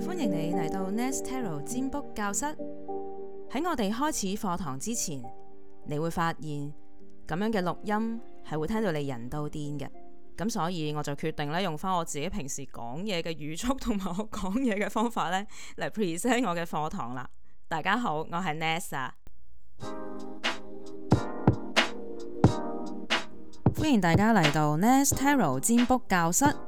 歡迎你嚟到 Nesta Tarot 占卜教室。喺我哋開始課堂之前，你會發現咁樣嘅錄音係會聽到你人都癲嘅。咁所以我就決定咧用翻我自己平時講嘢嘅語速同埋我講嘢嘅方法咧嚟 present 我嘅課堂啦。大家好，我係 Nesta 啊，歡迎大家嚟到 Nesta Tarot 占卜教室。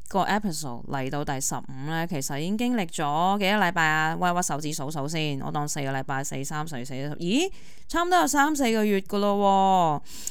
個 episode 嚟到第十五咧，其實已經經歷咗幾多禮拜啊？屈屈手指數數先，我當四個禮拜，四三除四一十咦，差唔多有三四個月㗎喇喎！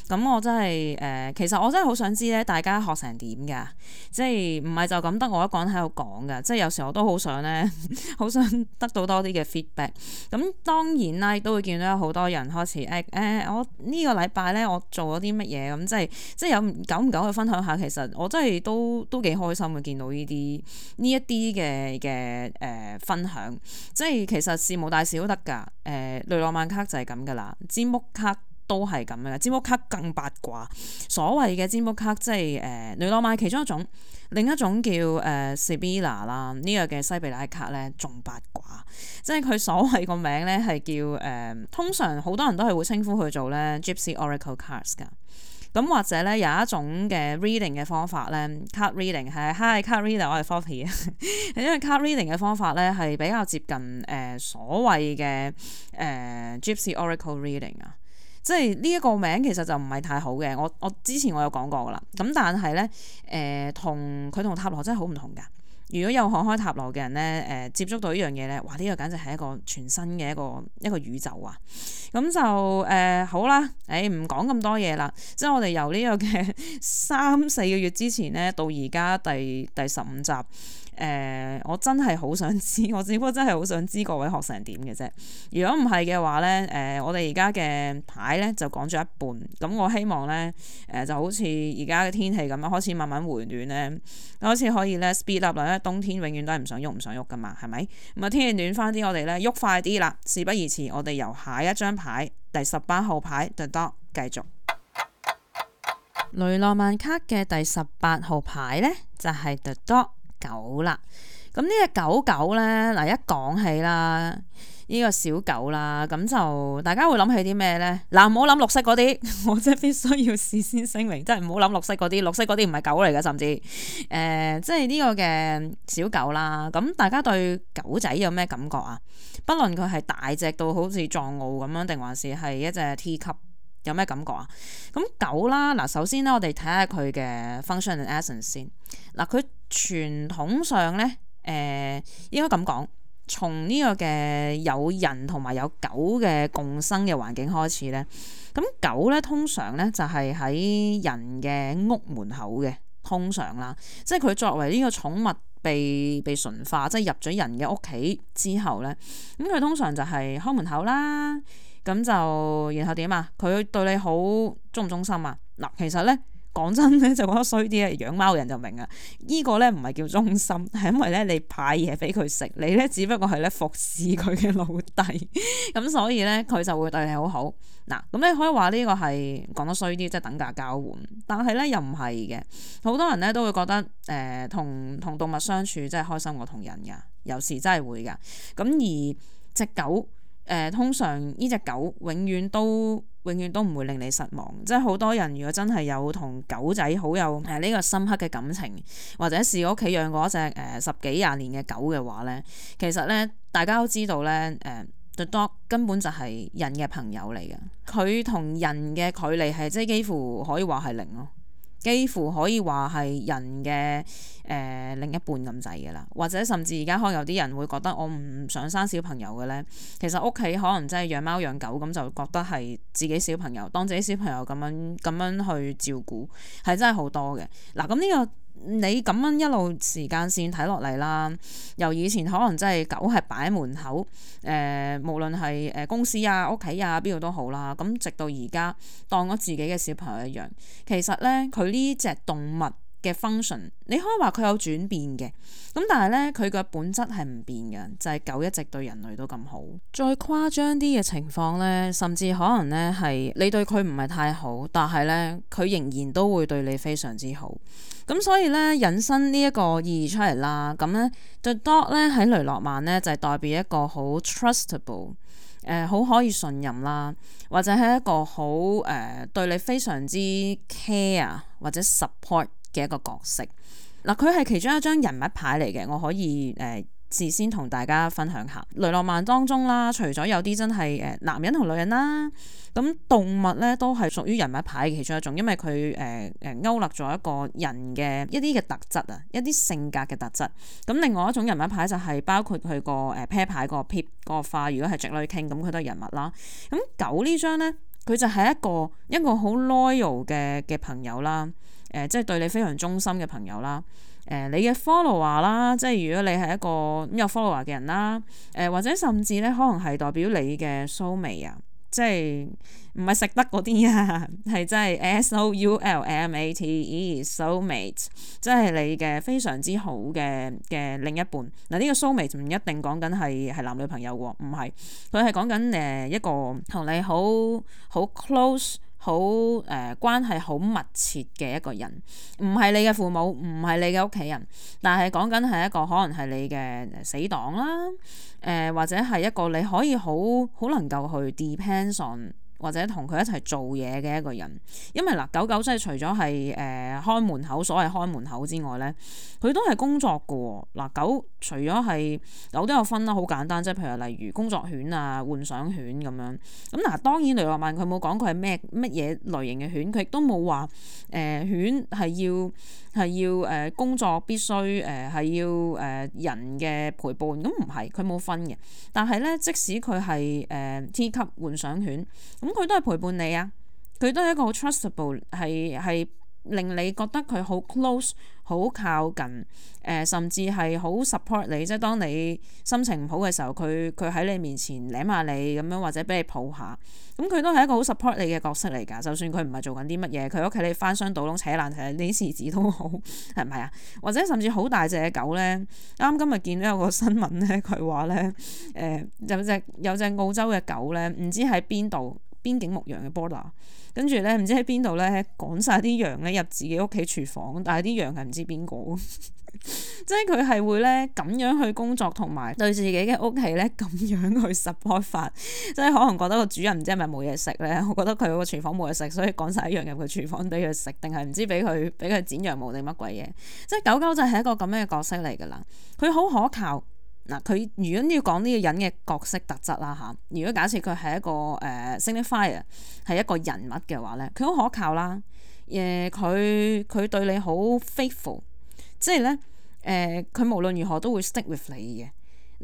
咁、嗯、我真係誒、呃，其實我真係好想知咧，大家學成點㗎？即係唔係就咁得我一個人喺度講㗎？即係有時我都好想咧，好想得到多啲嘅 feedback。咁、嗯、當然啦，都會見到有好多人開始誒誒、欸欸，我呢個禮拜咧，我做咗啲乜嘢咁？即係即係有唔久唔久去分享下，其實我真係都都幾開心。會見到呢啲呢一啲嘅嘅誒分享，即係其實事無大小都得噶。誒、呃，雷諾曼卡就係咁噶啦，占卜卡都係咁樣。占卜卡更八卦。所謂嘅占卜卡，即係誒、呃、雷諾曼其中一種，另一種叫誒西比拉啦，呢個嘅西比拉卡咧仲八卦。即係佢所謂個名咧係叫誒、呃，通常好多人都係會稱呼佢做咧 Gypsy Oracle Cards 噶。咁或者咧有一種嘅 reading 嘅方法咧，card Cut reading 係 hi card reading，我係 forty，因為 card reading 嘅方法咧係比較接近誒、呃、所謂嘅誒、呃、gypsy oracle reading 啊，即係呢一個名其實就唔係太好嘅。我我之前我有講過啦，咁但係咧誒同佢同塔羅真係好唔同㗎。如果有看開塔羅嘅人咧，誒、呃、接觸到呢樣嘢咧，哇！呢個簡直係一個全新嘅一個一個宇宙啊！咁就誒、呃、好啦，誒唔講咁多嘢啦，即係我哋由呢個嘅 三四個月之前咧，到而家第第十五集。誒、呃，我真係好想知，我只不過真係好想知各位學成點嘅啫。如果唔係嘅話、呃、呢，誒，我哋而家嘅牌呢就講咗一半。咁我希望呢誒、呃、就好似而家嘅天氣咁啊，開始慢慢回暖呢開始可以呢 speed up 啦。冬天永遠都係唔想喐、唔想喐㗎嘛，係咪？咁啊，天氣暖返啲，我哋呢喐快啲啦。事不宜遲，我哋由下一張牌，第十八號牌，The Dog。繼續雷諾曼卡嘅第十八號牌呢，就係 The Dog。狗啦，咁呢隻狗狗咧，嗱一講起啦，呢個小狗啦，咁就大家會諗起啲咩咧？嗱、啊，唔好諗綠色嗰啲，我真係必須要事先聲明，真係唔好諗綠色嗰啲，綠色嗰啲唔係狗嚟嘅，甚至誒、呃，即係呢個嘅小狗啦。咁大家對狗仔有咩感覺啊？不論佢係大隻到好似藏獒咁樣，定還是係一隻 T 級。有咩感覺啊？咁狗啦，嗱，首先咧，我哋睇下佢嘅 function and essence 先。嗱，佢傳統上咧，誒、呃、應該咁講，從呢個嘅有人同埋有狗嘅共生嘅環境開始咧。咁狗咧，通常咧就係喺人嘅屋門口嘅，通常啦，即係佢作為呢個寵物被被馴化，即係入咗人嘅屋企之後咧，咁佢通常就係開門口啦。咁就然後點啊？佢對你好忠唔忠心啊？嗱，其實咧講真咧就覺得衰啲嘅，養貓嘅人就明啊。呢、這個咧唔係叫忠心，係因為咧你派嘢俾佢食，你咧只不過係咧服侍佢嘅老弟，咁 所以咧佢就會對你好好。嗱，咁你可以話呢個係講得衰啲，即係等價交換。但係咧又唔係嘅，好多人咧都會覺得誒，同、呃、同動物相處真係開心過同人噶有時真係會噶咁而隻狗。誒通常呢隻狗永遠都永遠都唔會令你失望，即係好多人如果真係有同狗仔好有誒呢、呃這個深刻嘅感情，或者是我屋企養過一隻誒、呃、十幾廿年嘅狗嘅話咧，其實咧大家都知道咧誒 dog 根本就係人嘅朋友嚟嘅，佢同人嘅距離係即係幾乎可以話係零咯。幾乎可以話係人嘅誒、呃、另一半咁滯嘅啦，或者甚至而家可能有啲人會覺得我唔想生小朋友嘅咧，其實屋企可能真係養貓養狗，咁就覺得係自己小朋友，當自己小朋友咁樣，咁樣去照顧，係真係好多嘅。嗱，咁呢個。你咁樣一路時間線睇落嚟啦，由以前可能真係狗係擺喺門口，誒、呃、無論係誒公司啊、屋企啊邊度都好啦，咁直到而家當我自己嘅小朋友一樣。其實咧，佢呢隻動物嘅 function，你可以話佢有轉變嘅咁，但係咧佢嘅本質係唔變嘅，就係、是、狗一直對人類都咁好。再誇張啲嘅情況咧，甚至可能咧係你對佢唔係太好，但係咧佢仍然都會對你非常之好。咁所以咧引申呢一個意義出嚟啦。咁咧 the dog 咧喺雷諾曼咧就係、是、代表一個好 trustable 誒、呃，好可以信任啦，或者係一個好誒、呃、對你非常之 care 啊，或者 support。嘅一個角色，嗱佢係其中一張人物牌嚟嘅，我可以誒事、呃、先同大家分享下。雷諾曼當中啦，除咗有啲真係誒男人同女人啦，咁動物咧都係屬於人物牌嘅其中一種，因為佢誒誒勾勒咗一個人嘅一啲嘅特質啊，一啲性格嘅特質。咁另外一種人物牌就係包括佢個誒啤牌個 pip 個花，如果係直女傾，咁佢都係人物啦。咁、嗯、狗呢張咧，佢就係一個一個好 loyal 嘅嘅朋友啦。誒、呃，即係對你非常忠心嘅朋友啦。誒、呃，你嘅 follower 啦，即係如果你係一個有 follower 嘅人啦。誒、呃，或者甚至咧，可能係代表你嘅 so 美啊，mate，即係唔係食得嗰啲啊，係 真係 s o u l m a t e so 美，即係你嘅非常之好嘅嘅另一半。嗱、呃，呢、這個 so 美唔一定講緊係係男女朋友喎，唔係，佢係講緊誒一個同你好好 close。好誒、呃、關係好密切嘅一個人，唔係你嘅父母，唔係你嘅屋企人，但係講緊係一個可能係你嘅死黨啦，誒、呃、或者係一個你可以好好能夠去 depend on 或者同佢一齊做嘢嘅一個人，因為嗱、呃、狗狗真係除咗係誒開門口所謂開門口之外咧，佢都係工作嘅嗱、呃、狗除咗係狗都有分啦，好簡單，即係譬如例如工作犬啊、換想犬咁樣。咁、呃、嗱當然雷諾曼佢冇講佢係咩乜嘢類型嘅犬，佢亦都冇話誒犬係要。係要誒、呃、工作必須誒係、呃、要誒、呃、人嘅陪伴，咁唔係佢冇分嘅。但係咧，即使佢係誒 T 級幻想犬，咁佢都係陪伴你啊！佢都係一個好 trustable，係係。令你覺得佢好 close，好靠近，誒、呃，甚至係好 support 你，即係當你心情唔好嘅時候，佢佢喺你面前舐下你，咁樣或者俾你抱下，咁佢都係一個好 support 你嘅角色嚟㗎。就算佢唔係做緊啲乜嘢，佢屋企你翻箱倒籠扯爛嘢，你時時都好，係咪啊？或者甚至好大隻嘅狗咧，啱今日見到有個新聞咧，佢話咧，誒、呃、有隻有隻澳洲嘅狗咧，唔知喺邊度。邊境牧羊嘅 border 跟住咧，唔知喺邊度咧，趕晒啲羊咧，入自己屋企廚房，但係啲羊係唔知邊個， 即係佢係會咧，咁樣去工作同埋對自己嘅屋企咧，咁樣去 support 翻。 即係可能覺得個主人唔知係咪冇嘢食咧，我覺得佢個廚房冇嘢食，所以趕曬羊入個廚房俾佢食，定係唔知俾佢俾佢剪羊毛定乜鬼嘢？即係狗狗就係一個咁樣嘅角色嚟噶啦，佢好可靠。嗱，佢如果要講呢個人嘅角色特質啦嚇，如果假設佢係一個誒 signifier 係、呃、一個人物嘅話咧，佢好可靠啦，誒佢佢對你好 faithful，即係咧誒佢無論如何都會 stick with 你嘅。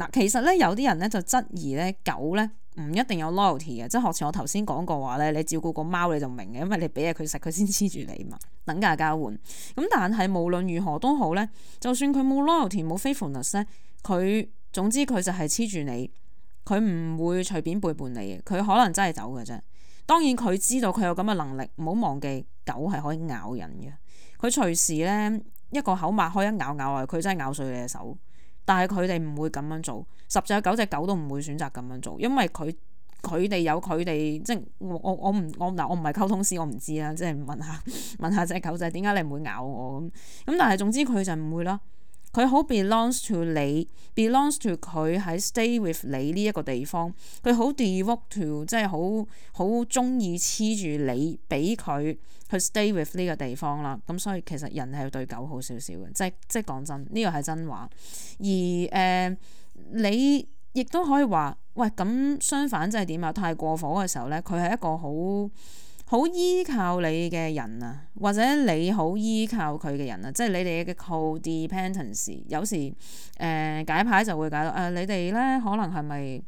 嗱、呃，其實咧有啲人咧就質疑咧狗咧唔一定有 loyalty 嘅，即係學似我頭先講過話咧，你照顧個貓你就明嘅，因為你俾嘢佢食佢先黐住你嘛，等價交換。咁但係無論如何都好咧，就算佢冇 loyalty 冇 faithfulness 咧，佢總之佢就係黐住你，佢唔會隨便背叛你嘅，佢可能真係走㗎啫。當然佢知道佢有咁嘅能力，唔好忘記狗係可以咬人嘅。佢隨時咧一個口擘開一咬咬啊，佢真係咬碎你隻手。但係佢哋唔會咁樣做，十隻九隻狗都唔會選擇咁樣做，因為佢佢哋有佢哋即係我我我唔我嗱我唔係溝通師，我唔知啦，即係問下問下隻狗仔係點解你唔會咬我咁咁，但係總之佢就唔會啦。佢好 belongs to 你，belongs to 佢喺 stay with 你呢一個地方，佢好 devote to，即係好好中意黐住你，俾佢去 stay with 呢個地方啦。咁所以其實人係對狗好少少嘅，即即講真呢個係真話。而誒、呃，你亦都可以話喂咁相反即係點啊？太過火嘅時候咧，佢係一個好。好依靠你嘅人啊，或者你好依靠佢嘅人啊，即係你哋嘅 codependence，d e 有時誒、呃、解牌就會解到誒、呃，你哋咧可能係咪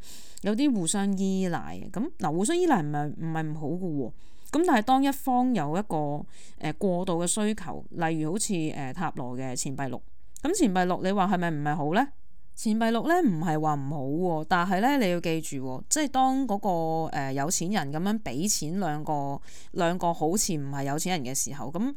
有啲互相依賴，咁嗱、嗯，互相依賴唔係唔係唔好嘅喎，咁、嗯、但係當一方有一個誒、呃、過度嘅需求，例如好似誒、呃、塔羅嘅錢幣六，咁錢幣六你話係咪唔係好咧？前幣六咧唔係話唔好喎，但係咧你要記住喎，即係當嗰個有錢人咁樣俾錢兩個兩個好似唔係有錢人嘅時候，咁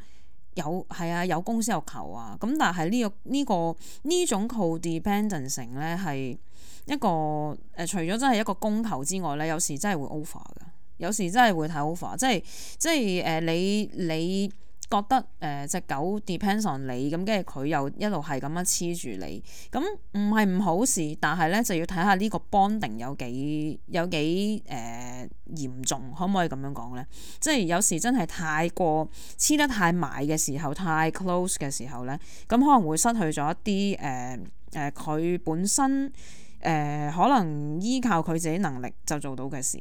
有係啊有公司有求啊，咁但係呢、呢個呢、呢個呢種 co-dependence d e 成咧係一個誒，除咗真係一個供求之外咧，有時真係會 over 噶，有時真係會太 over，即係即係誒你你，你覺得誒隻、呃、狗 depends on 你，咁跟住佢又一路係咁樣黐住你，咁唔係唔好事，但係咧就要睇下呢個 bonding 有幾有幾誒、呃、嚴重，可唔可以咁樣講咧？即係有時真係太過黐得太埋嘅時候，太 close 嘅時候咧，咁、嗯、可能會失去咗一啲誒誒佢本身誒、呃、可能依靠佢自己能力就做到嘅事。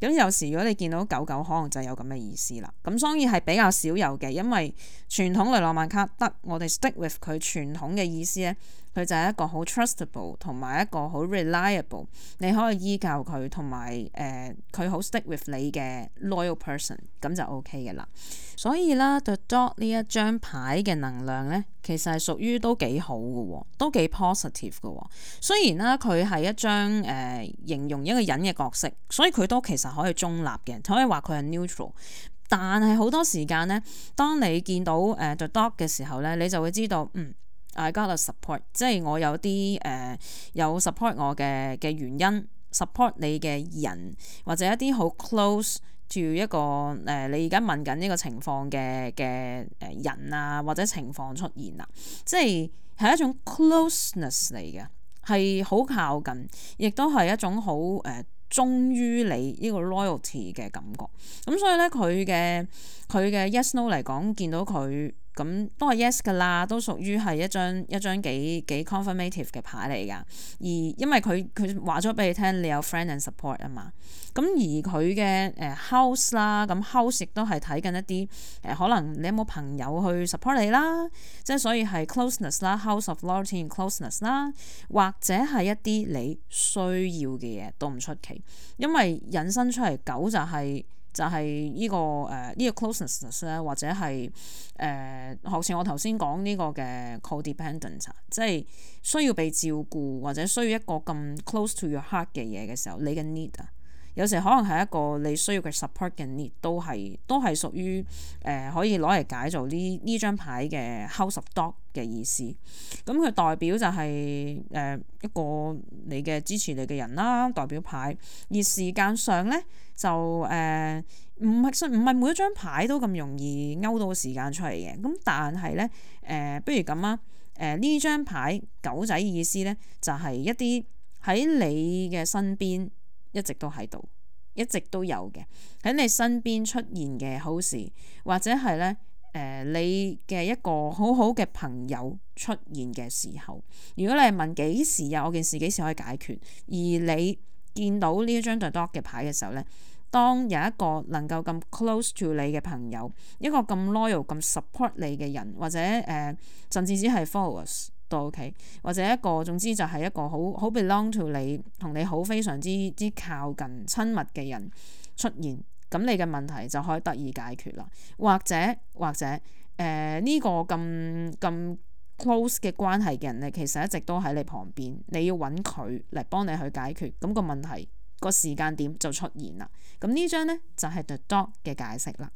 咁有時如果你見到狗狗，可能就有咁嘅意思啦。咁當然係比較少有嘅，因為傳統雷諾曼卡得我哋 stick with 佢傳統嘅意思咧。佢就係一個好 trustable 同埋一個好 reliable，你可以依靠佢同埋誒佢好 stick with 你嘅 loyal person，咁就 OK 嘅啦。所以啦，The dog 呢一張牌嘅能量呢，其實係屬於都幾好嘅，都幾 positive 嘅。雖然呢，佢係一張誒、呃、形容一個人嘅角色，所以佢都其實可以中立嘅，可以話佢係 neutral。但係好多時間呢，當你見到誒、呃、The dog 嘅時候呢，你就會知道嗯。I gotta support，即係我有啲誒、呃、有 support 我嘅嘅原因，support 你嘅人，或者一啲好 close to 一個誒、呃，你而家問緊呢個情況嘅嘅誒人啊，或者情況出現啊，即係係一種 closeness 嚟嘅，係好靠近，亦都係一種好誒、呃、忠於你呢、這個 loyalty 嘅感覺。咁、嗯、所以咧，佢嘅佢嘅 yes no 嚟講，見到佢。咁都係 yes 噶啦，都屬於係一張一張幾幾 confirmative 嘅牌嚟噶。而因為佢佢話咗俾你聽，你有 friend and support 啊嘛。咁而佢嘅誒 house 啦、啊，咁 house 亦都係睇緊一啲誒，可能你有冇朋友去 support 你啦。即係所以係 closeness 啦、啊，house of loyalty and closeness 啦、啊，或者係一啲你需要嘅嘢都唔出奇，因為引申出嚟九就係、是。就係呢、這個誒呢、呃這個 closeness 咧，或者係誒好似我頭先講呢個嘅 codependence，即係需要被照顧或者需要一個咁 close to your heart 嘅嘢嘅時候，你嘅 need 啊，有時可能係一個你需要嘅 support 嘅 need，都係都係屬於誒、呃、可以攞嚟解做呢呢張牌嘅 house of dog。嘅意思，咁佢代表就係誒一個你嘅支持你嘅人啦，代表牌。而時間上咧就誒唔係唔係每一張牌都咁容易勾到個時間出嚟嘅。咁但係咧誒，不如咁啊誒呢張牌狗仔意思，咧就係一啲喺你嘅身邊一直都喺度，一直都有嘅喺你身邊出現嘅好事，或者係咧。誒、呃，你嘅一個好好嘅朋友出現嘅時候，如果你係問幾時有我件事、幾時可以解決，而你見到呢一張 The Dog 嘅牌嘅時候咧，當有一個能夠咁 close to 你嘅朋友，一個咁 loyal、咁 support 你嘅人，或者誒、呃，甚至只係 followers 都 OK，或者一個總之就係一個好好 belong to 你、同你好非常之之靠近親密嘅人出現。咁你嘅問題就可以得以解決啦。或者或者，誒、呃、呢、這個咁咁 close 嘅關係嘅人咧，其實一直都喺你旁邊，你要揾佢嚟幫你去解決咁、那個問題，個時間點就出現啦。咁呢張呢，就係、是、The Dog 嘅解釋啦。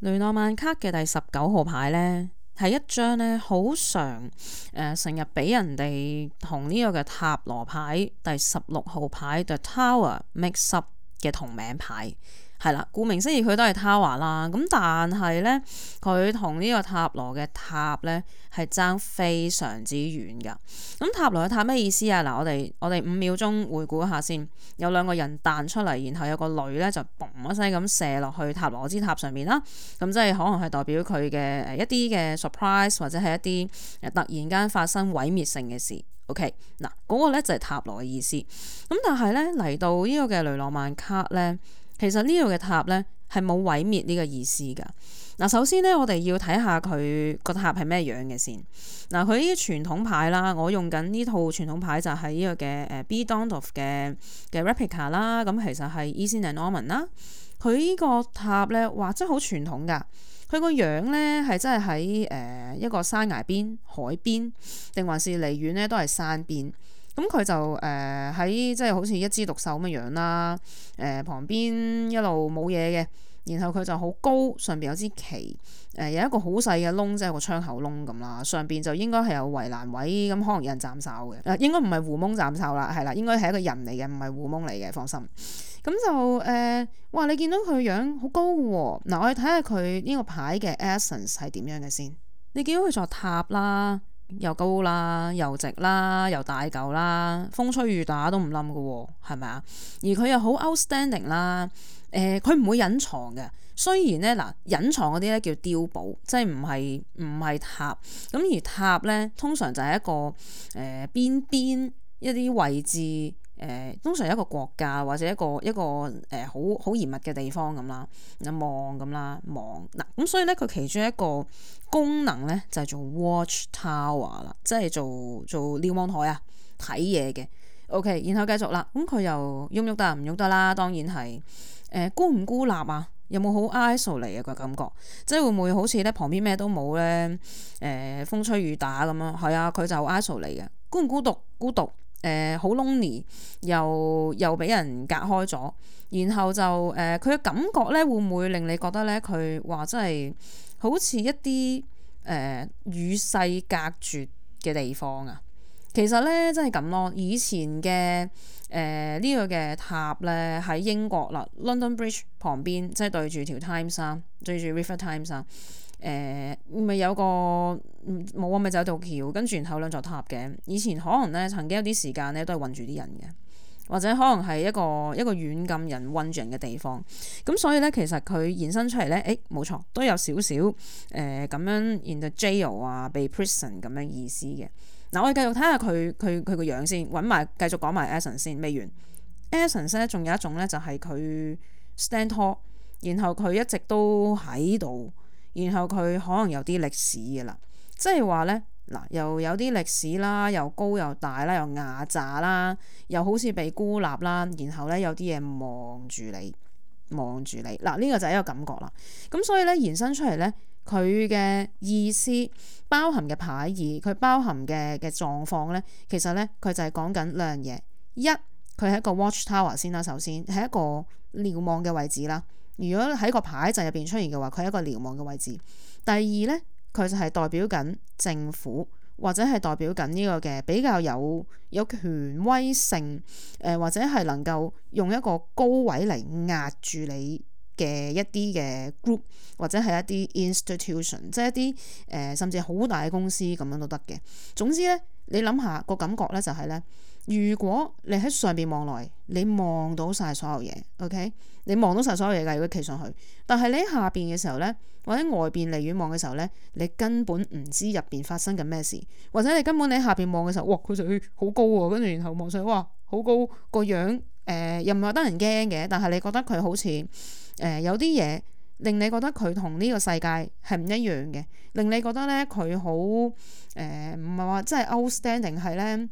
雷諾曼卡嘅第十九號牌呢，係一張呢好常誒，成、呃、日俾人哋同呢個嘅塔羅牌第十六號牌 The Tower mix up。嘅同名牌，係啦，顧名思義佢都係塔華啦，咁但係咧，佢同呢個塔羅嘅塔咧係爭非常之遠噶。咁塔羅嘅塔咩意思啊？嗱，我哋我哋五秒鐘回顧一下先，有兩個人彈出嚟，然後有個雷咧就嘣一聲咁射落去塔羅之塔上面啦。咁即係可能係代表佢嘅誒一啲嘅 surprise 或者係一啲誒突然間發生毀滅性嘅事。O.K. 嗱，嗰個咧就係塔羅嘅意思。咁但係咧嚟到呢個嘅雷諾曼卡咧，其實呢度嘅塔咧係冇毀滅呢個意思㗎。嗱，首先咧我哋要睇下佢個塔係咩樣嘅先。嗱，佢呢啲傳統牌啦，我用緊呢套傳統牌就係、是、呢個嘅誒 B Dondorf 嘅嘅 replica 啦。咁其實係 Ethan and Norman 啦。佢呢個塔咧，哇，真係好傳統㗎。佢個樣呢，係真係喺誒一個山崖邊、海邊定還是離遠呢？都係山邊。咁、嗯、佢就誒喺即係好似一枝獨秀咁嘅樣啦。誒、呃、旁邊一路冇嘢嘅，然後佢就好高，上邊有支旗。誒、呃、有一個好細嘅窿，即係個窗口窿咁啦。上邊就應該係有圍欄位，咁可能有人站哨嘅。誒應該唔係胡蒙站哨啦，係啦，應該係一個人嚟嘅，唔係胡蒙嚟嘅，放心。咁就誒、呃，哇！你見到佢樣好高㗎喎，哦，嗱，我哋睇下佢呢個牌嘅 essence 係點樣嘅先。你見到佢座塔啦，又高啦，又直啦，又大嚿啦，風吹雨打都唔冧㗎喎，係咪啊？而佢又好 outstanding 啦，誒、呃，佢唔會隱藏嘅。雖然咧，嗱，隱藏嗰啲咧叫碉堡，即係唔係唔係塔。咁而塔咧，通常就係一個誒邊邊一啲位置。誒通常一個國家或者一個一個誒好好嚴密嘅地方咁啦，望咁啦望嗱咁，所以咧佢其中一個功能咧就係做 watch tower 啦，即係做做瞭望台啊睇嘢嘅。OK，然後繼續啦，咁佢又喐喐得唔喐得啦，當然係誒、呃、孤唔孤立啊？有冇好 isolated 嘅感覺？即係會唔會好似咧旁邊咩都冇咧誒風吹雨打咁啊？係啊，佢就 isolated 嘅，孤唔孤獨？孤獨。誒好 lonely，又又俾人隔開咗，然後就誒佢嘅感覺咧，會唔會令你覺得咧？佢話真係好似一啲誒與世隔絕嘅地方啊。其實咧真係咁咯，以前嘅誒呢個嘅塔咧喺英國啦，London Bridge 旁邊，即係對住條 Times 啊，對住 River Times 啊。誒咪、呃、有個冇啊？咪就係座橋，跟住然後兩座塔嘅。以前可能咧，曾經有啲時間咧，都係困住啲人嘅，或者可能係一個一個軟近人困住人嘅地方。咁所以咧，其實佢延伸出嚟咧，誒、欸、冇錯都有少少誒咁樣 in the jail 啊，被 prison 咁樣意思嘅。嗱、呃，我哋繼續睇下佢佢佢個樣先，揾埋繼續講埋 e s s e n 先未完。e s s e n 咧仲有一種咧，就係、是、佢 stand tall，然後佢一直都喺度。然後佢可能有啲歷史嘅啦，即係話咧嗱，又有啲歷史啦，又高又大啦，又壓榨啦，又好似被孤立啦，然後咧有啲嘢望住你，望住你嗱，呢個就係一個感覺啦。咁所以咧延伸出嚟咧，佢嘅意思包含嘅牌意，佢包含嘅嘅狀況咧，其實咧佢就係講緊兩嘢，一佢係一個 watchtower 先啦，首先係一個瞭望嘅位置啦。如果喺個牌陣入邊出現嘅話，佢係一個瞭望嘅位置。第二呢，佢就係代表緊政府，或者係代表緊呢個嘅比較有有權威性，誒、呃、或者係能夠用一個高位嚟壓住你嘅一啲嘅 group，或者係一啲 institution，即係一啲誒、呃、甚至好大嘅公司咁樣都得嘅。總之呢，你諗下、嗰個感覺呢，就係呢。如果你喺上邊望來，你望到晒所有嘢，OK？你望到晒所有嘢噶，如果企上去。但係你喺下邊嘅時候呢，或者外邊離遠望嘅時候呢，你根本唔知入邊發生緊咩事，或者你根本你喺下邊望嘅時候，哇佢就好高啊，跟住然後望上去，哇好高個樣，誒、呃、又唔係話得人驚嘅，但係你覺得佢好似誒、呃、有啲嘢令你覺得佢同呢個世界係唔一樣嘅，令你覺得呢，佢好誒唔係話即係 outstanding 係呢。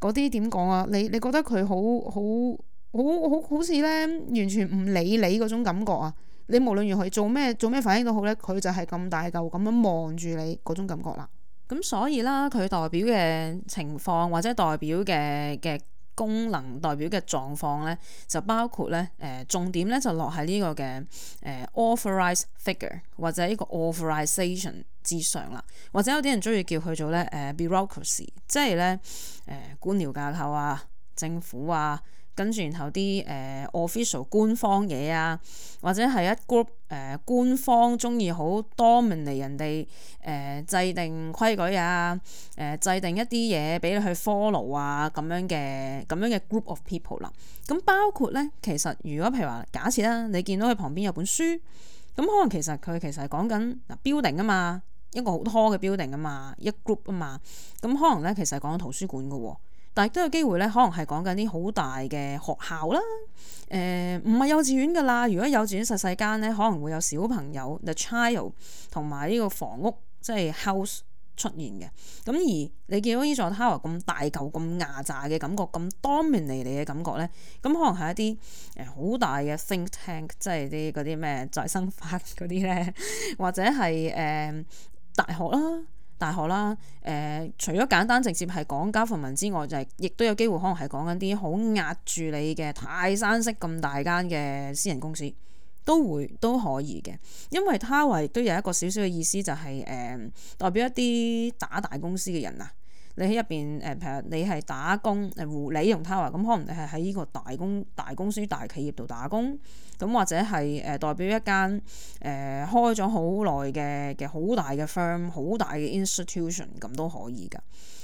嗰啲點講啊？你你覺得佢好好好好好似咧，完全唔理你嗰種感覺啊！你無論如何做咩做咩反應都好咧，佢就係咁大嚿咁樣望住你嗰種感覺啦。咁所以啦，佢代表嘅情況或者代表嘅嘅。功能代表嘅狀況咧，就包括咧，誒、呃、重點咧就落喺呢個嘅誒、呃、authorised figure 或者呢個 authorisation 之上啦，或者有啲人鍾意叫佢做咧誒、呃、bureaucracy，即係咧誒官僚架構啊、政府啊。跟住，然後啲誒 official 官方嘢啊，或者係一 group 誒、呃、官方中意好多明嚟人哋誒、呃、制定規矩啊，誒、呃、制定一啲嘢俾你去 follow 啊，咁樣嘅咁樣嘅 group of people 啦。咁、啊、包括咧，其實如果譬如話假設啦，你見到佢旁邊有本書，咁、啊、可能其實佢其實係講緊 building 啊嘛，一個好拖嘅 building 啊嘛，一 group 啊嘛，咁、啊、可能咧其實係講緊圖書館嘅喎。但亦都有機會咧，可能係講緊啲好大嘅學校啦，誒唔係幼稚園㗎啦。如果幼稚園細細間咧，可能會有小朋友 the child 同埋呢個房屋即係 house 出現嘅。咁而你見到依、e、座 tower 咁大舊、咁壓榨嘅感覺、咁 dominating 嘅感覺咧，咁可能係一啲誒好大嘅 think tank，即係啲嗰啲咩「再生法」嗰啲咧，或者係誒、呃、大學啦。大學啦，誒、呃，除咗簡單直接係講家服文之外，就係亦都有機會，可能係講緊啲好壓住你嘅泰山式咁大間嘅私人公司都會都可以嘅，因為他 o 都有一個少少嘅意思就係、是、誒、呃、代表一啲打大公司嘅人啊，你喺入邊誒，譬如你係打工誒，護利用他」o w 咁可能你係喺呢個大公大公司大企業度打工。咁或者係誒、呃、代表一間誒、呃、開咗好耐嘅嘅好大嘅 firm，好大嘅 institution，咁都可以㗎。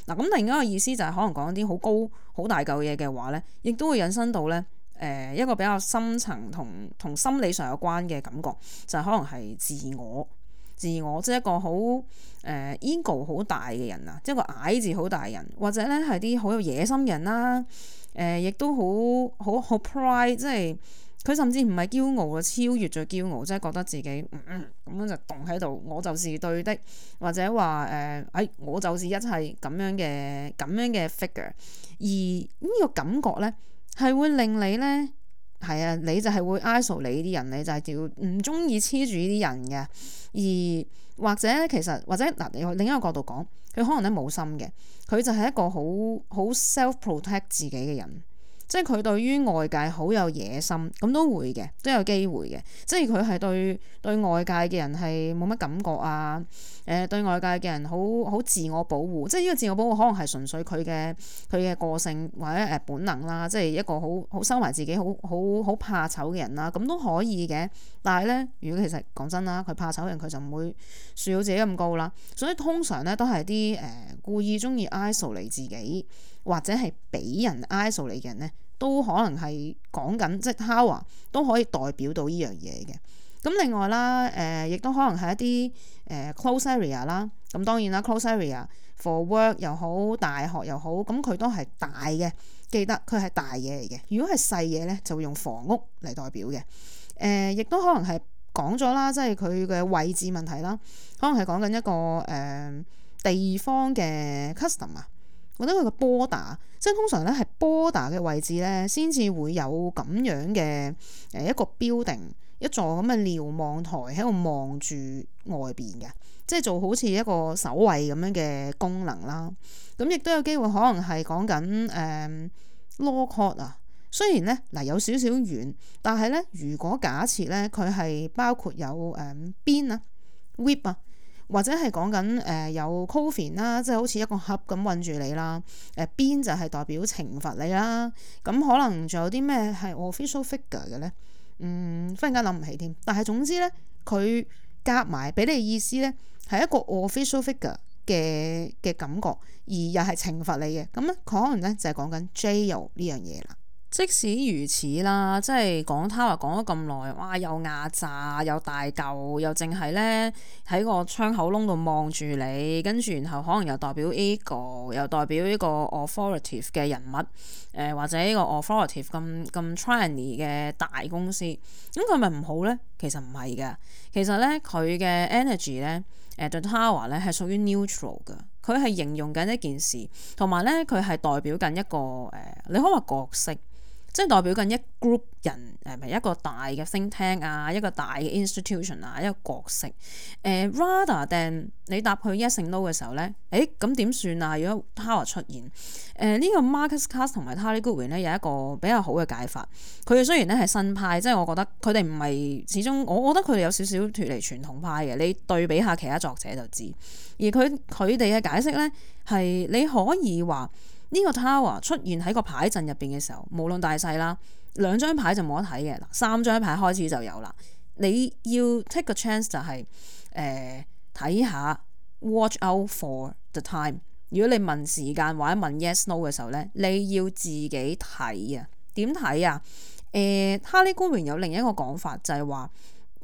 嗱、啊，咁另一個意思就係、是、可能講啲好高好大嚿嘢嘅話咧，亦都會引申到咧誒、呃、一個比較深層同同心理上有關嘅感覺，就係、是、可能係自我，自我即係、就是、一個好誒、呃、ego 好大嘅人啊，即、就、係、是、個矮字好大人，或者咧係啲好有野心人啦，誒、呃、亦都好好好 pride，即係。佢甚至唔係驕傲啦，超越咗驕傲，即係覺得自己咁、嗯嗯、樣就棟喺度，我就是對的，或者話誒、呃，哎，我就是一切咁樣嘅咁樣嘅 figure。而呢個感覺咧，係會令你咧，係啊，你就係會 isolate 你啲人，你就係叫唔中意黐住呢啲人嘅。而或者其實或者嗱，你去另一個角度講，佢可能咧冇心嘅，佢就係一個好好 self protect 自己嘅人。即係佢對於外界好有野心，咁都會嘅，都有機會嘅。即係佢係對對外界嘅人係冇乜感覺啊，誒、呃、對外界嘅人好好自我保護，即係呢個自我保護可能係純粹佢嘅佢嘅個性或者誒本能啦，即係一個好好收埋自己，好好好怕醜嘅人啦，咁都可以嘅。但係咧，如果其實講真啦，佢怕醜嘅人，佢就唔會樹到自己咁高啦。所以通常咧都係啲誒故意鍾意 isolate 嚟自己。或者係俾人 isolate 嘅人咧，都可能係講緊，即係 how a、啊、都可以代表到呢樣嘢嘅。咁另外啦，誒、呃、亦都可能係一啲誒、呃、close area 啦。咁當然啦，close area for work 又好，大學又好，咁佢都係大嘅。記得佢係大嘢嚟嘅。如果係細嘢咧，就會用房屋嚟代表嘅。誒、呃，亦都可能係講咗啦，即係佢嘅位置問題啦。可能係講緊一個誒、呃、地方嘅 custom 啊、er,。我覺得佢嘅波打，即係通常咧係波打嘅位置咧，先至會有咁樣嘅誒一個 building，一座咁嘅瞭望台喺度望住外邊嘅，即係做好似一個守衞咁樣嘅功能啦。咁亦都有機會可能係講緊誒 l o g o 啊。雖然咧嗱有少少遠，但係咧如果假設咧佢係包括有誒、呃、b 啊 w h i p 或者係講緊誒有 coffin 啦，即係好似一個盒咁困住你啦。誒、呃、鞭就係代表懲罰你啦。咁可能仲有啲咩係 official figure 嘅咧？嗯，忽然間諗唔起添。但係總之咧，佢夾埋俾你意思咧，係一個 official figure 嘅嘅感覺，而又係懲罰你嘅。咁咧，可能咧就係講緊 jail 呢樣嘢啦。即使如此啦，即係講塔瓦講咗咁耐，哇！又壓榨，又大嚿，又淨係呢喺個窗口窿度望住你，跟住然後可能又代表呢個，又代表一個 authoritative 嘅人物，誒、呃、或者一個 authoritative 咁咁 trillion 嘅大公司，咁佢咪唔好呢？其實唔係嘅，其實呢，佢嘅 energy 呢，誒對塔瓦咧係屬於 neutral 㗎，佢係形容緊一件事，同埋呢，佢係代表緊一個誒、呃，你可以話角色。即係代表緊一 group 人，係咪一個大嘅 think 聲聽啊，一個大嘅 institution 啊，一個角色。誒、呃、rather than 你搭去 yes and no 嘅時候咧，誒咁點算啊？如果他話出現，誒、呃、呢、這個 Marcus c a s t 同埋 t a l l y g o o d w i 咧有一個比較好嘅解法。佢哋雖然咧係新派，即係我覺得佢哋唔係始終，我覺得佢哋有少少脫離傳統派嘅。你對比下其他作者就知。而佢佢哋嘅解釋咧係你可以話。呢個 tower 出現喺個牌陣入邊嘅時候，無論大細啦，兩張牌就冇得睇嘅。嗱，三張牌開始就有啦。你要 take a chance 就係誒睇下，watch out for the time。如果你問時間或者問 yes no 嘅時候咧，你要自己睇啊。點睇啊？誒，哈利·官員有另一個講法，就係話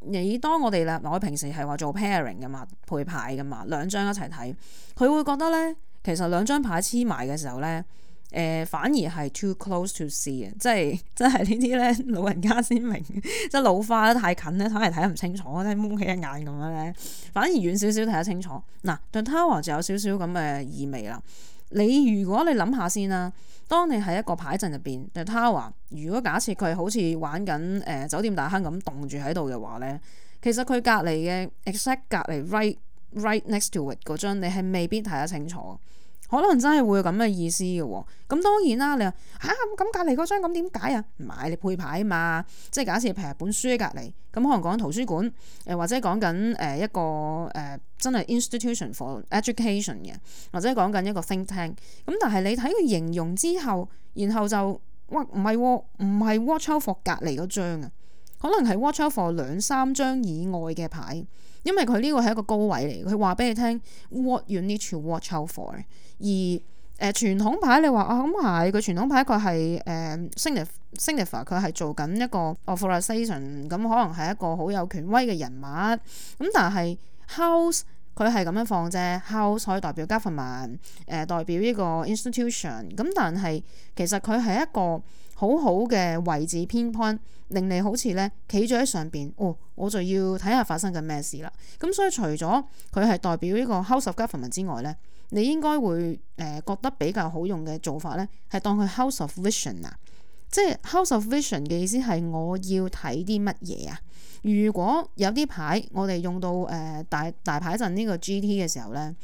你當我哋咧，我平時係話做 pairing 嘅嘛，配牌嘅嘛，兩張一齊睇，佢會覺得咧。其實兩張牌黐埋嘅時候咧，誒、呃、反而係 too close to see 啊！即係即係呢啲咧，老人家先明， 即係老化得太近咧，睇嚟睇唔清楚，即係矇起一眼咁樣咧，反而遠少少睇得清楚。嗱，The Tower 就有少少咁嘅意味啦。你如果你諗下先啦，當你喺一個牌陣入邊 The Tower 如果假設佢好似玩緊誒、呃、酒店大亨咁棟住喺度嘅話咧，其實佢隔離嘅 exact 隔離 right。Right next to it 嗰張，你係未必睇得清楚，可能真係會有咁嘅意思嘅喎。咁當然啦、啊，你話吓，咁隔離嗰張咁點解啊？唔係你配牌嘛？即係假設譬如本書喺隔離，咁可能講緊圖書館，或者係講緊一個誒、呃、真係 institution for education 嘅，或者係講緊一個 think tank。咁但係你睇佢形容之後，然後就哇，唔係喎，唔係、啊、watch out for 隔離嗰張啊，可能係 watch out for 兩三張以外嘅牌。因為佢呢個係一個高位嚟，佢話俾你聽 what you need to watch out for 而。而、呃、誒傳統牌你話啊咁係佢傳統牌佢係誒 signifier 佢係做緊一個 authorization 咁、嗯，可能係一個好有權威嘅人物。咁、嗯、但係 house 佢係咁樣放啫，house 可以代表 government、呃、代表呢個 institution、嗯。咁但係其實佢係一個。好好嘅位置偏 point，令你好似咧企咗喺上邊，哦，我就要睇下發生緊咩事啦。咁所以除咗佢係代表呢個 House of Government 之外咧，你應該會誒覺得比較好用嘅做法咧，係當佢 House of Vision 啊。即係 House of Vision 嘅意思係我要睇啲乜嘢啊。如果有啲牌我哋用到誒、呃、大大牌陣呢個 GT 嘅時候咧，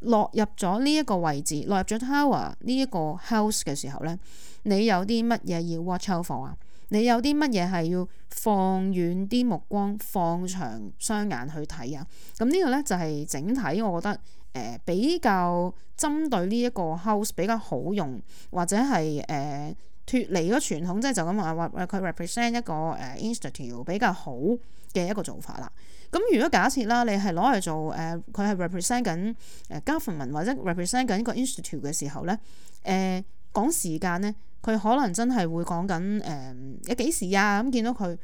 落入咗呢一個位置，落入咗 Tower 呢一個 House 嘅時候咧。你有啲乜嘢要 watch out for 啊？你有啲乜嘢係要放遠啲目光、放長雙眼去睇啊？咁呢個咧就係、是、整體，我覺得誒、呃、比較針對呢一個 house 比較好用，或者係誒脱離咗傳統，即係就咁話話佢 represent 一個誒、呃、institute 比較好嘅一個做法啦。咁如果假設啦，你係攞嚟做誒，佢係 represent 緊誒 government 或者 represent 緊一個 institute 嘅時候咧，誒、呃。講時間咧，佢可能真係會講緊誒、呃，有幾時啊，咁見到佢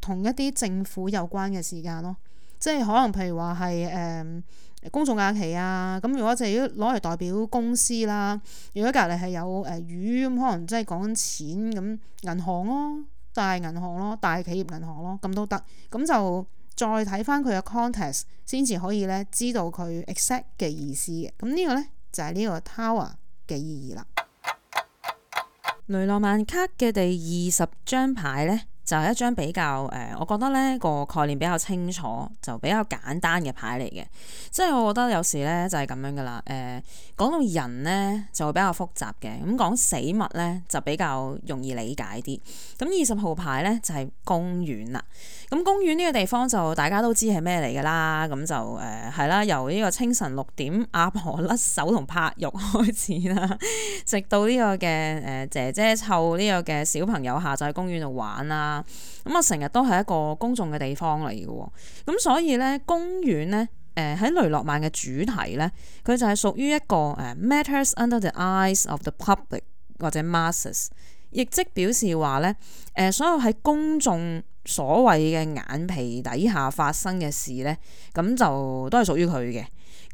同一啲政府有關嘅時間咯、啊，即係可能譬如話係誒公眾假期啊。咁如果就係攞嚟代表公司啦、啊，如果隔離係有誒魚咁，可能真係講緊錢咁銀行咯、啊，大銀行咯、啊，大企業銀行咯、啊，咁都得。咁就再睇翻佢嘅 context，先至可以咧知道佢 exact 嘅意思嘅。咁呢、就係、個咧就係呢個 tower 嘅意義啦。雷諾曼卡嘅第二十張牌咧？就係一張比較誒、呃，我覺得呢個概念比較清楚，就比較簡單嘅牌嚟嘅。即係我覺得有時呢就係、是、咁樣噶啦。誒、呃，講到人呢，就會比較複雜嘅，咁講死物呢，就比較容易理解啲。咁二十號牌呢，就係、是、公園啦。咁公園呢個地方就大家都知係咩嚟噶啦。咁就誒係啦，由呢個清晨六點阿婆甩手同拍肉開始啦，直到呢個嘅誒、呃、姐姐湊呢個嘅小朋友下晝喺公園度玩啦。咁我成日都係一個公眾嘅地方嚟嘅，咁所以咧公園咧，誒喺雷諾曼嘅主題咧，佢就係屬於一個誒 matters under the eyes of the public 或者 masses，亦即表示話咧，誒所有喺公眾所謂嘅眼皮底下發生嘅事咧，咁就都係屬於佢嘅。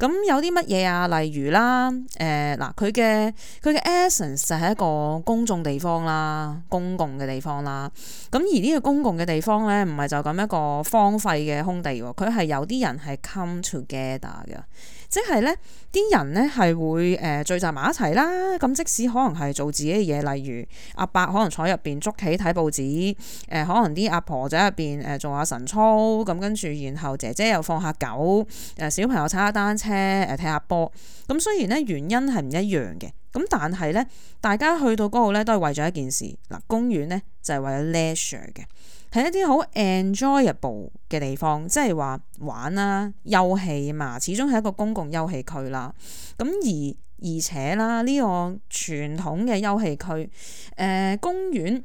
咁有啲乜嘢啊？例如啦，誒、呃、嗱，佢嘅佢嘅 essence 就係一個公眾地方啦，公共嘅地方啦。咁而呢個公共嘅地方咧，唔係就咁一個荒廢嘅空地喎，佢係有啲人係 come together 嘅。即係咧，啲人咧係會誒聚集埋一齊啦。咁即使可能係做自己嘅嘢，例如阿伯，伯可能坐入邊捉棋睇報紙，誒、呃、可能啲阿婆喺入邊誒做下神操，咁跟住然後姐姐又放下狗，誒、呃、小朋友踩下單車，誒踢下波。咁、嗯、雖然咧原因係唔一樣嘅，咁但係咧大家去到嗰度咧都係為咗一件事嗱，公園咧就係、是、為咗 leisure 嘅。係一啲好 enjoyable 嘅地方，即係話玩啦、啊、休憩啊嘛，始終係一個公共休憩區啦。咁而而且啦，呢、這個傳統嘅休憩區，誒、呃、公園。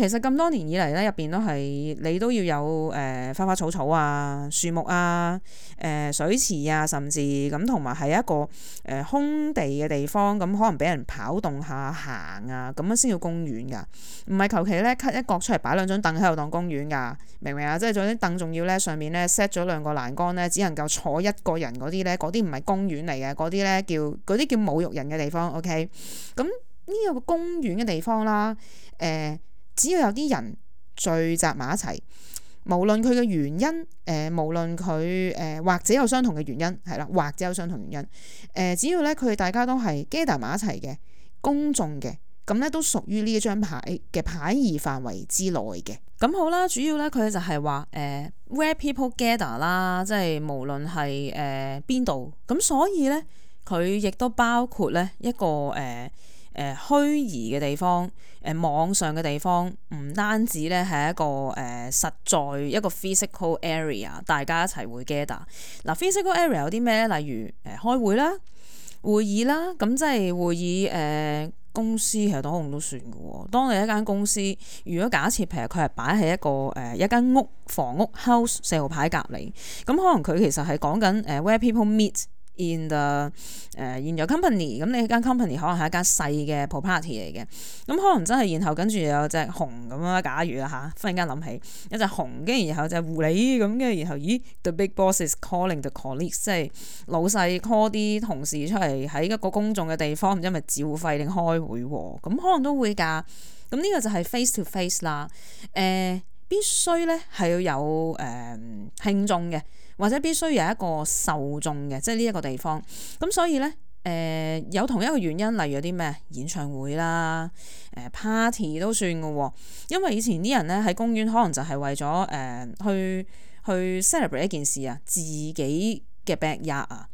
其實咁多年以嚟咧，入邊都係你都要有誒、呃、花花草草啊、樹木啊、誒、呃、水池啊，甚至咁同埋係一個誒、呃、空地嘅地方，咁、嗯、可能俾人跑動下、行啊，咁樣先叫公園噶。唔係求其咧，cut 一角出嚟擺兩張凳喺度當公園噶，明唔明啊？即係仲有啲凳，仲要咧上面咧 set 咗兩個欄杆咧，只能夠坐一個人嗰啲咧，嗰啲唔係公園嚟嘅，嗰啲咧叫嗰啲叫，叫侮辱人嘅地方。OK，咁呢個公園嘅地方啦，誒、呃。呃只要有啲人聚集埋一齊，無論佢嘅原因，誒、呃，無論佢誒或者有相同嘅原因，係、呃、啦，或者有相同原因，誒、呃，只要咧佢大家都係 gather 埋一齊嘅公眾嘅，咁咧都屬於呢一張牌嘅牌意範圍之內嘅。咁好啦，主要咧佢就係話 Where people gather 啦，即係無論係誒邊度，咁、呃、所以咧佢亦都包括咧一個誒。呃誒、呃、虛擬嘅地方，誒、呃、網上嘅地方，唔單止咧係一個誒、呃、實在一個 physical area，大家一齊會 gather、呃。嗱，physical area 有啲咩咧？例如誒、呃、開會啦、會議啦，咁、嗯、即係會議誒、呃、公司其實都好用都算嘅喎。當你一間公司，如果假設其實佢係擺喺一個誒、呃、一間屋、房屋 house 四號牌隔離，咁、嗯、可能佢其實係講緊誒 where people meet。喺個誒現有 company，咁你間 company 可能係間細嘅 property 嚟嘅，咁可能真係然後跟住有隻熊咁啦，假如啦吓、啊，忽然間諗起一隻熊，跟住然後有隻狐狸咁跟住然後咦，the big boss is calling the colleagues，即係老細 call 啲同事出嚟喺一個公眾嘅地方，唔知係咪召會定開會喎？咁可能都會㗎，咁呢個就係 face to face 啦，誒、呃、必須咧係要有誒、呃、輕重嘅。或者必須有一個受眾嘅，即係呢一個地方。咁所以呢，誒、呃、有同一個原因，例如有啲咩演唱會啦、呃、party 都算嘅。因為以前啲人呢喺公園可能就係為咗誒、呃、去去 celebrate 一件事啊，自己嘅百日啊。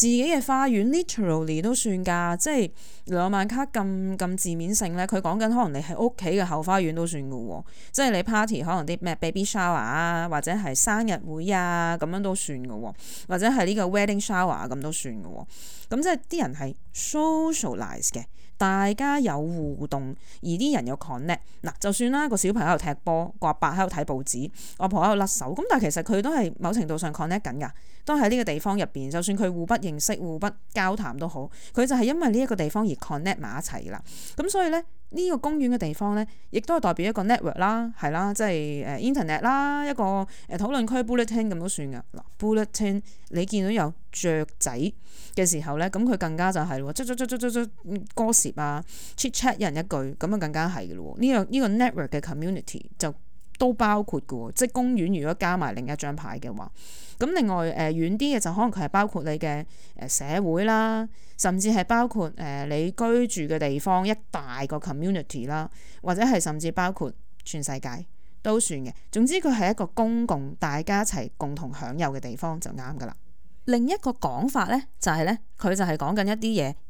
自己嘅花園 literally 都算㗎，即係兩萬卡咁咁字面性咧，佢講緊可能你喺屋企嘅後花園都算嘅喎，即係你 party 可能啲咩 baby shower 啊，或者係生日會啊咁樣都算嘅喎，或者係呢個 wedding shower 咁都算嘅喎，咁即係啲人係 socialise 嘅，大家有互動，而啲人有 connect 嗱，就算啦、個小朋友喺度踢波，個阿伯喺度睇報紙，我婆喺度甩手，咁但係其實佢都係某程度上 connect 緊㗎。都喺呢個地方入邊，就算佢互不認識、互不交談都好，佢就係因為呢一個地方而 connect 埋一齊啦。咁所以咧，呢個公園嘅地方咧，亦都係代表一個 network 啦，係啦，即係誒 internet 啦，一個誒討論區 bulletin 咁都算噶。嗱，bulletin 你見到有雀仔嘅時候咧，咁佢更加就係咯，咄咄咄咄咄咄，歌舌啊，cheat chat 一人一句，咁啊更加係嘅咯。呢個呢個 network 嘅 community 就都包括嘅，即係公園。如果加埋另一張牌嘅話，咁另外誒遠啲嘅就可能佢係包括你嘅誒社會啦，甚至係包括誒、呃、你居住嘅地方一大個 community 啦，或者係甚至包括全世界都算嘅。總之佢係一個公共大家一齊共同享有嘅地方就啱噶啦。另一個講法咧就係、是、咧，佢就係講緊一啲嘢。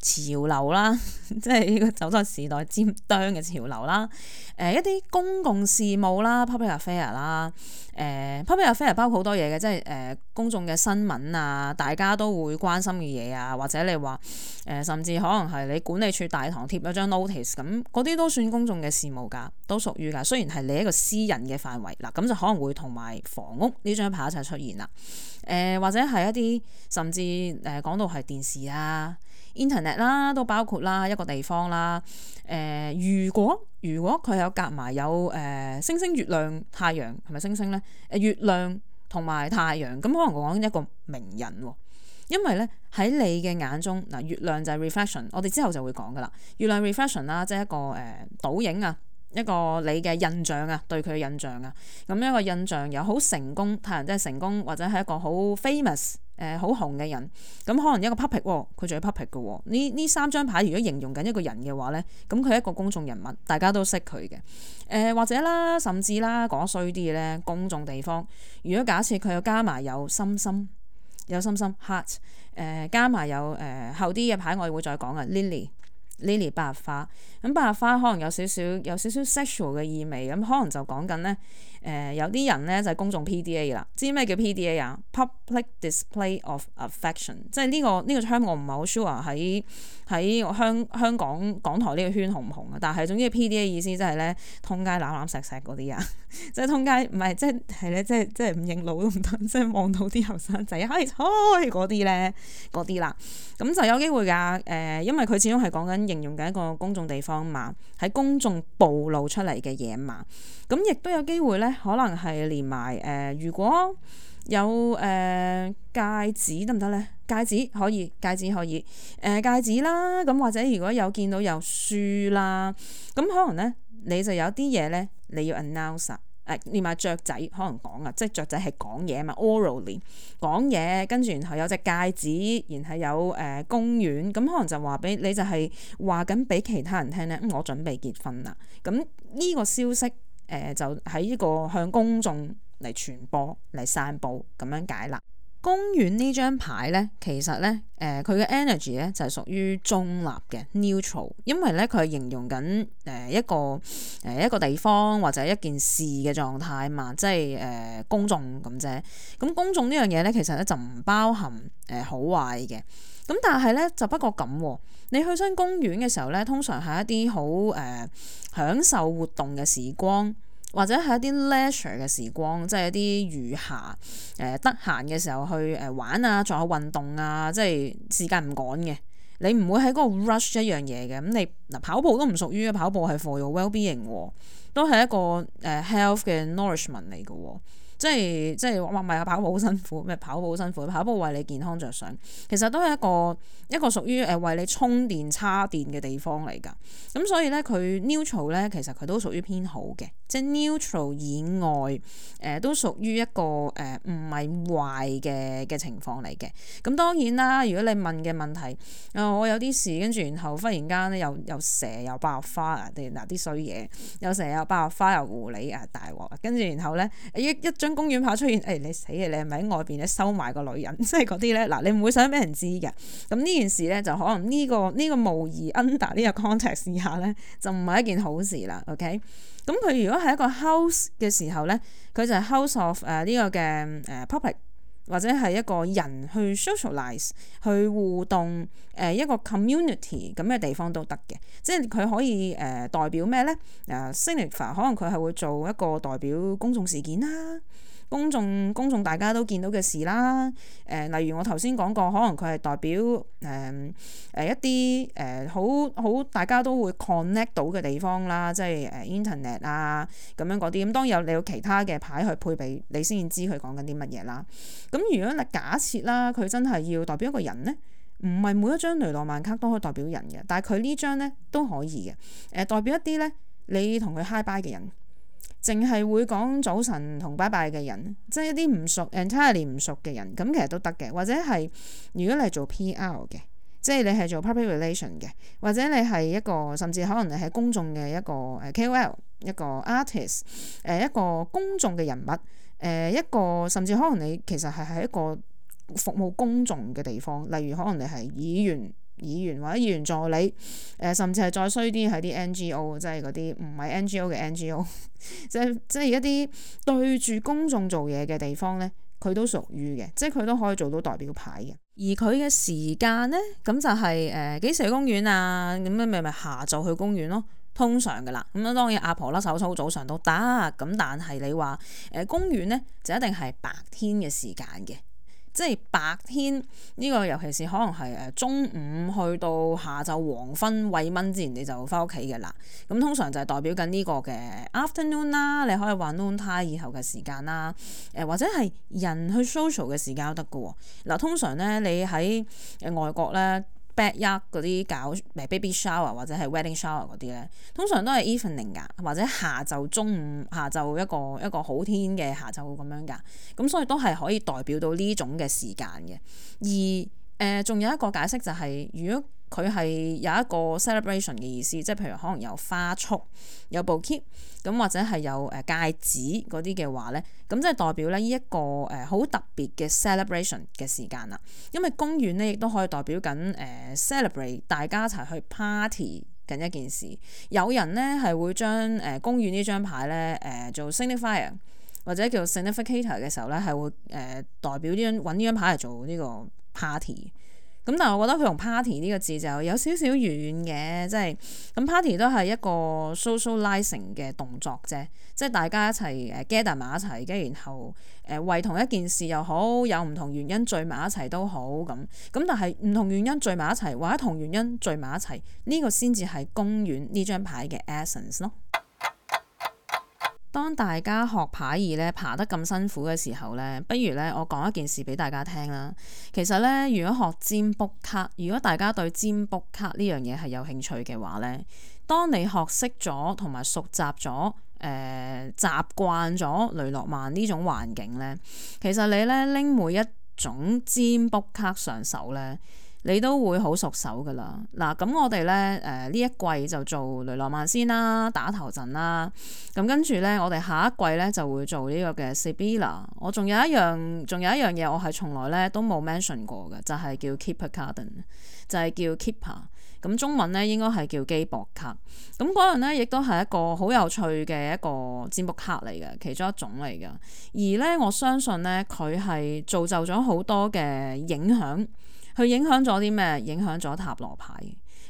潮流啦，即係呢個走咗時代尖端嘅潮流啦。誒、呃，一啲公共事務啦，public affair 啦，誒，public affair 包括好多嘢嘅，即係誒、呃、公眾嘅新聞啊，大家都會關心嘅嘢啊，或者你話誒、呃，甚至可能係你管理處大堂貼咗張 notice，咁嗰啲都算公眾嘅事務噶，都屬於噶。雖然係你一個私人嘅範圍嗱，咁就可能會同埋房屋呢張牌一齊出現啦。誒、呃，或者係一啲甚至誒講、呃、到係電視啊。Internet 啦，都包括啦，一個地方啦。誒、呃，如果如果佢有夾埋有誒、呃、星星、月亮、太陽，係咪星星咧？誒、呃、月亮同埋太陽，咁可能我講一個名人喎。因為咧喺你嘅眼中，嗱、呃、月亮就係 reflection。我哋之後就會講㗎喇，月亮 reflection 啦，即係一個誒、呃、倒影啊。一個你嘅印象啊，對佢嘅印象啊，咁一個印象有好成功，太陽真係成功，或者係一個好 famous，誒、呃、好紅嘅人，咁、嗯、可能一個 public，佢仲有 public 嘅、哦，呢呢三張牌如果形容緊一個人嘅話呢，咁佢係一個公眾人物，大家都識佢嘅，誒、呃、或者啦，甚至啦，講衰啲咧，公眾地方，如果假設佢又加埋有心心，有心心 heart，誒、呃、加埋有誒、呃、後啲嘅牌，我哋會再講啊，Lily。Lily 百合花，咁百合花可能有少少有少少 sexual 嘅意味，咁可能就講緊咧。誒、呃、有啲人咧就係、是、公眾 PDA 啦，知咩叫 PDA 啊？Public display of affection，即係呢、呢個呢、呢個詞我唔係好 sure 喺喺香香港香港，港台呢個圈紅唔紅啊？但係總之 PDA 意思即係咧，通街攬攬錫錫嗰啲啊，即係通街唔係即係咧，即係即係唔認老都唔得，即係望到啲後生仔嗨嗨嗰啲咧嗰啲啦，咁就有機會㗎，誒、呃，因為佢始終係講緊形容緊一個公眾地方嘛，喺公眾暴露出嚟嘅嘢嘛。咁亦都有機會咧，可能係連埋誒、呃，如果有誒戒指得唔得咧？戒指可，可以，戒指可以誒戒,、呃、戒指啦。咁或者如果有見到有書啦，咁可能咧你就有啲嘢咧，你要 announce 誒、呃、連埋雀仔可能講啊，即係雀仔係講嘢啊嘛，orally 講嘢，跟住然後有隻戒指，然後有誒、呃、公園，咁可能就話俾你就係話緊俾其他人聽咧、嗯。我準備結婚啦，咁呢個消息。誒、呃、就喺呢個向公眾嚟傳播、嚟散佈咁樣解啦。公園呢張牌呢，其實呢，誒佢嘅 energy 呢就係屬於中立嘅 neutral，因為呢，佢係形容緊誒、呃、一個誒、呃、一個地方或者一件事嘅狀態嘛，即係誒、呃、公眾咁啫。咁公眾呢樣嘢呢，其實呢就唔包含誒好壞嘅。呃咁但係咧，就不過咁喎。你去親公園嘅時候咧，通常係一啲好誒享受活動嘅時光，或者係一啲 leisure 嘅時光，即係一啲餘暇誒、呃、得閒嘅時候去誒玩啊，做、呃、下運動啊，即係時間唔趕嘅。你唔會喺嗰個 rush 一樣嘢嘅。咁你嗱、呃、跑步都唔屬於跑步係 for your well-being，、呃、都係一個誒、呃、health 嘅 nourishment 嚟嘅喎。呃即係即係話唔係啊！跑步好辛苦，咩跑步好辛苦？跑步為你健康着想，其實都係一個一個屬於誒為你充電插電嘅地方嚟噶，咁所以咧，佢 neutral 咧，其實佢都屬於偏好嘅，即係 neutral 以外誒、呃、都屬於一個誒唔係壞嘅嘅情況嚟嘅。咁、嗯、當然啦，如果你問嘅問題啊、呃，我有啲事，跟住然後忽然間咧又又蛇又爆花啊！啲嗱啲衰嘢，又蛇又爆花，又狐狸啊大鑊啊！跟住然後咧一一,一張公園跑出現，誒、哎、你死嘅，你係咪喺外邊咧收埋個女人，即係嗰啲咧，嗱你唔會想俾人知嘅。咁呢件事咧，就可能呢、呢個呢、呢個模擬 under 呢個 context 下咧，就唔係一件好事啦。OK，咁佢如果係一個 house 嘅時候咧，佢就係 house of 誒呢個嘅誒 public。或者係一個人去 socialize 去互動，誒、呃、一個 community 咁嘅地方都得嘅，即係佢可以誒、呃、代表咩咧？誒，senior 可能佢係會做一個代表公眾事件啦。公眾公眾大家都見到嘅事啦，誒、呃，例如我頭先講過，可能佢係代表誒誒、呃呃、一啲誒、呃、好好大家都會 connect 到嘅地方啦，即係誒、呃、Internet 啊咁樣嗰啲，咁當然有你有其他嘅牌去配備，你先至知佢講緊啲乜嘢啦。咁、呃、如果你假設啦，佢真係要代表一個人咧，唔係每一張雷諾曼卡都可以代表人嘅，但係佢呢張咧都可以嘅，誒、呃、代表一啲咧你同佢 hi bye 嘅人。淨係會講早晨同拜拜嘅人，即係一啲唔熟，entirely 唔熟嘅人，咁其實都得嘅。或者係如果你係做 PR 嘅，即係你係做 public relation 嘅，或者你係一個，甚至可能你係公眾嘅一個誒 KOL 一個 artist，誒、呃、一個公眾嘅人物，誒、呃、一個，甚至可能你其實係喺一個服務公眾嘅地方，例如可能你係議員。議員或者議員助理，誒甚至係再衰啲係啲 NGO，即係嗰啲唔係 NGO 嘅 NGO， 即係即係一啲對住公眾做嘢嘅地方咧，佢都屬於嘅，即係佢都可以做到代表牌嘅。而佢嘅時間咧，咁就係誒幾時去公園啊？咁咧咪咪下晝去公園咯，通常㗎啦。咁啊當然阿婆甩手操早上都得，咁但係你話誒、呃、公園咧就一定係白天嘅時間嘅。即係白天呢、呢個，尤其是可能係誒中午去到下晝黃昏餵蚊之前，你就翻屋企嘅啦。咁通常就係代表緊呢個嘅 afternoon 啦，你可以玩 lunchtime 以後嘅時間啦。誒、呃、或者係人去 social 嘅時間都得嘅喎。嗱、呃，通常咧你喺誒外國咧。backyard 嗰啲搞 baby shower 或者係 wedding shower 嗰啲咧，通常都係 evening 噶，或者下晝中午下晝一個一個好天嘅下晝咁樣噶，咁所以都係可以代表到呢種嘅時間嘅，而誒，仲、呃、有一個解釋就係、是，如果佢係有一個 celebration 嘅意思，即係譬如可能有花束、有部 keep 咁，或者係有誒戒指嗰啲嘅話咧，咁即係代表咧呢一個誒好特別嘅 celebration 嘅時間啦。因為公園咧亦都可以代表緊誒、呃、celebrate 大家一齊去 party 緊一件事。有人咧係會將誒、呃、公園呢張牌咧誒、呃、做 signifier 或者叫 significator 嘅時候咧，係會誒、呃、代表呢張揾呢張牌嚟做呢、這個。party 咁，但係我覺得佢同 party 呢個字就有少少遠嘅，即係咁 party 都係一個 socializing 嘅動作啫，即係大家一齊誒 gather 埋一齊，跟住然後誒為同一件事又好，有唔同原因聚埋一齊都好咁。咁但係唔同原因聚埋一齊，或者同原因聚埋一齊，呢個先至係公園呢張牌嘅 essence 咯。當大家學牌二咧爬得咁辛苦嘅時候咧，不如咧我講一件事俾大家聽啦。其實咧，如果學占卜卡，如果大家對占卜卡呢樣嘢係有興趣嘅話咧，當你學識咗同埋熟習咗，誒、呃，習慣咗雷諾曼呢種環境咧，其實你咧拎每一種占卜卡上手咧。你都會好熟手㗎喇，嗱，咁、啊、我哋咧誒呢、呃、一季就做雷諾曼先啦，打頭陣啦。咁、嗯、跟住咧，我哋下一季咧就會做呢個嘅 Sibilla。我仲有一樣，仲有一樣嘢，我係從來咧都冇 mention 過嘅，就係、是、叫 Kipper Karten，就係叫 Kipper。咁、嗯、中文咧應該係叫基博卡那個。咁嗰樣咧亦都係一個好有趣嘅一個占卜卡嚟嘅，其中一種嚟嘅。而咧我相信咧佢係造就咗好多嘅影響。佢影響咗啲咩？影響咗塔羅牌，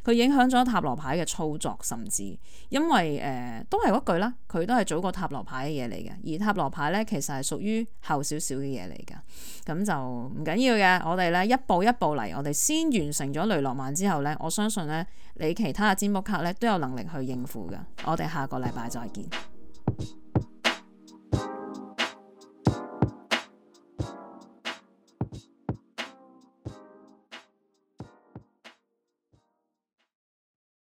佢影響咗塔羅牌嘅操作，甚至因為誒、呃、都係嗰句啦，佢都係早過塔羅牌嘅嘢嚟嘅。而塔羅牌咧，其實係屬於後少少嘅嘢嚟嘅，咁就唔緊要嘅。我哋咧一步一步嚟，我哋先完成咗雷諾曼之後咧，我相信咧你其他嘅占卜卡咧都有能力去應付嘅。我哋下個禮拜再見。